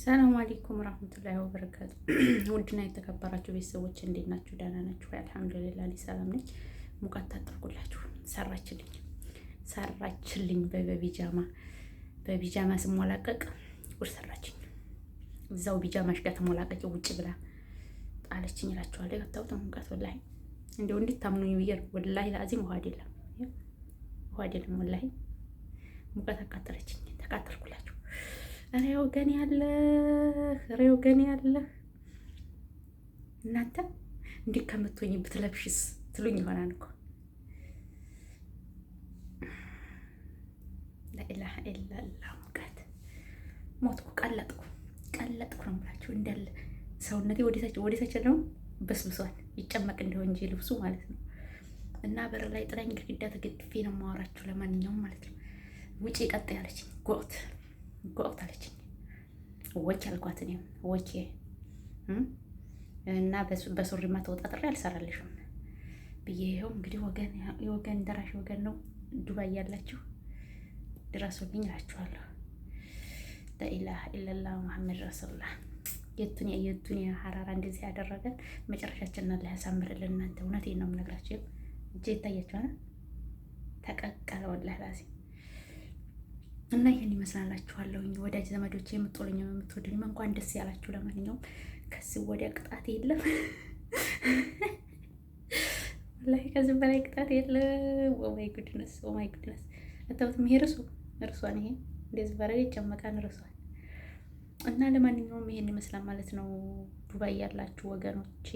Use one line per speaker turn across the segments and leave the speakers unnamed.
ሰላም አለይኩም ረህመቱላሂ ወበረካቱ። ውድና የተከበራችሁ ቤተሰቦች እንዴት ናችሁ? ደህና ናችሁ ወይ? አልሐምዱሊላህ እኔ ሰላም ነኝ። ሙቀት ታጠርኩላችሁ። ሰራችልኝ ሰራችልኝ። በቢጃማ በቢጃማ ስሞላቀቅ ጉድ ሰራችኝ። እዛው ቢጃማሽ ጋር ተሞላቀቂ ውጭ ብላ ጣለችኝ እላችኋለሁ። የከታሁት ሙቀት ወላሂ እንደው እንዴት ታምኑኝ ብዬ ወላሂ ለአዚም ውሃ አይደለም ውሃ አይደለም ወላሂ ሙቀት አቃጠለችኝ። ተቃጠልኩላችሁ ሬ ወገን ያለህ ሬ ወገን ያለህ እናንተ እንዲህ ከምትሆኝ ብትለብሽስ ትሉኝ ይሆናል እኮ ላኢላሀ ኢላላ ሙቀት ሞትኩ፣ ቀለጥኩ፣ ቀለጥኩ ነው የምላችሁ። እንዳለ ሰውነቴ ወደታች ነው በስብሷል። ይጨመቅ እንደሆን እንጂ ልብሱ ማለት ነው። እና በር ላይ ጥላኝ ግድግዳ ተገድፌ ነው የማወራችሁ። ለማንኛውም ማለት ነው ውጪ ቀጥ ያለችኝ ጎት ጎቅት አለችኝ። ወኬ አልኳት እኔም ወኬ እና በሱሪማ ተወጣጥሬ አልሰራልሽም ብዬ ይኸው እንግዲህ ወገን የወገን ደራሽ ወገን ነው። ዱባይ ያላችሁ ድረሱልኝ እላችኋለሁ። ላኢላሀ ኢለላ መሐመድ ረሱሉላህ። የዱንያ የዱንያ ሀራራ እንደዚህ ያደረገን መጨረሻችንን አላህ ያሳምርልን። እናንተ እውነቴን ነው የምነግራችሁ። እጄ ይታያችኋል። ተቀቀለ ወላሂ እና ይህን ይመስላላችኋለሁ ወዳጅ ዘመዶች የምትወልኝ የምትወድኝ እንኳን ደስ ያላችሁ። ለማንኛውም ከዚህ ወዲያ ቅጣት የለም፣ ላይ ከዚህ በላይ ቅጣት የለም። ኦማይ ጉድነስ፣ ኦማይ ጉድነስ። አታውትም ይሄ ርሱ እርሷን ይሄ እንደዚህ በረገ ጨመቃን እርሷን እና ለማንኛውም ይሄን ይመስላል ማለት ነው። ዱባይ ያላችሁ ወገኖቼ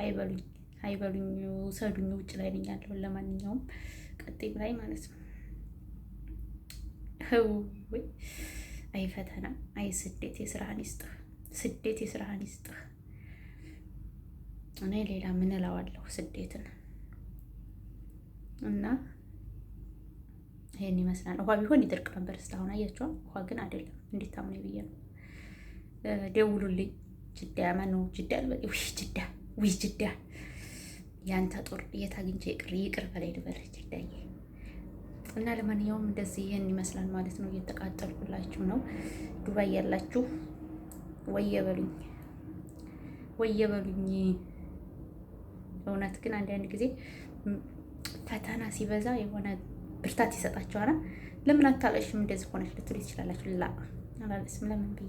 ሀይበሉኝ፣ ሀይበሉኝ፣ ውሰዱኝ። ውጭ ላይ ነኝ ያለሁት ለማንኛውም ቀጤ ላይ ማለት ነው። አይ ፈተና አይ ስደት የስራህን ይስጥህ። ስደት የስራህን ይስጥህ። እኔ ሌላ ምን እለዋለሁ ስደትን እና ይሄን ይመስላል። ውሃ ቢሆን ይደርቅ ነበር እስካሁን አያችኋል። ውሃ ግን አይደለም። እንዴት ታምነ ብዬ ነው። ደውሉልኝ። ጅዳ ማነው? ጅዳ ውይ ጅዳ ውይ ጅዳ ያንተ ጦር የት አግኝቼ ይቅር ይቅር በላይ ልበልህ ጅዳዬ እና ለማንኛውም እንደዚህ ይህን ይመስላል ማለት ነው። እየተቃጠልኩላችሁ ነው። ዱባይ ያላችሁ ወየበሉኝ ወየበሉኝ። እውነት ግን አንዳንድ ጊዜ ፈተና ሲበዛ የሆነ ብርታት ይሰጣችኋል። ለምን አታለሽም እንደዚህ ሆነች ልትሉ ትችላላችሁ። ላ አላለስም ለምን ብዬ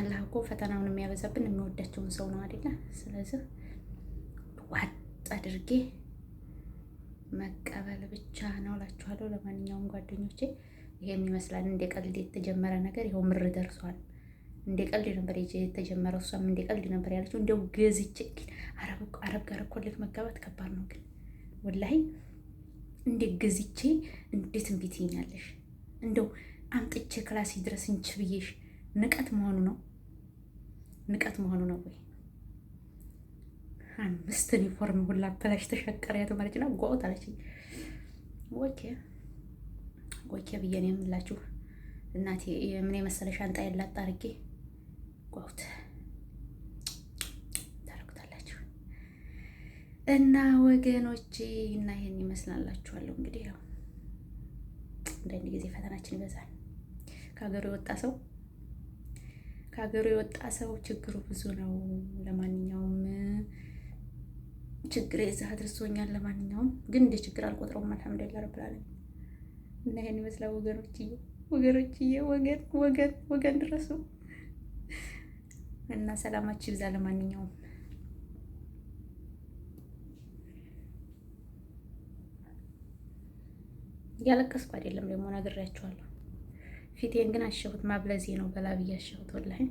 አላህ እኮ ፈተናውን የሚያበዛብን የሚወዳቸውን ሰው ነው አይደለ? ስለዚህ ዋጥ አድርጌ መቀበል ብቻ ነው እላችኋለሁ። ለማንኛውም ጓደኞቼ ይሄም ይመስላል እንደ ቀልድ የተጀመረ ነገር ይኸው ምር ደርሷል። እንደ ቀልድ ነበር የተጀመረው፣ እሷም እንደ ቀልድ ነበር ያለችው። እንደው ገዝቼ ግን አረብ ጋር እኮ መጋባት ከባድ ነው ግን ወላሂ እንደ ገዝቼ እንዴት እምቢ ትይኛለሽ? እንደው አምጥቼ ክላስ ድረስ እንችብዬሽ ንቀት መሆኑ ነው፣ ንቀት መሆኑ ነው ወይ? አምስት ዩኒፎርም ሁላ በላሽ ተሸቀረ ማለት ነው። ጎት አለች። ኦኬ ኦኬ ብዬ ነው የምላችሁ እናቴ። ምን የመሰለ ሻንጣ ያላት አርጌ ጓውት ታረጉታላችሁ እና ወገኖች እና ይሄን ይመስላላችኋለሁ እንግዲህ ያው አንዳንድ ጊዜ ፈተናችን ይበዛል። ከሀገሩ የወጣ ሰው ከሀገሩ የወጣ ሰው ችግሩ ብዙ ነው። ለማንኛውም ችግር የዛ አድርሶኛል። ለማንኛውም ግን እንደ ችግር አልቆጥረውም። አልሐምዱሊላህ ረብል ዓለሚን እና ይሄን ይመስላል ወገኖችዬ፣ ወገኖችዬ፣ ወገን ወገን ወገን ድረሱ እና ሰላማችሁ ይብዛ። ለማንኛውም ያለቀስኩ አይደለም ደግሞ ነግሬያችኋለሁ። ፊቴን ግን አሸሁት ማብለዜ ነው በላብ እያሸሁት ወላሂ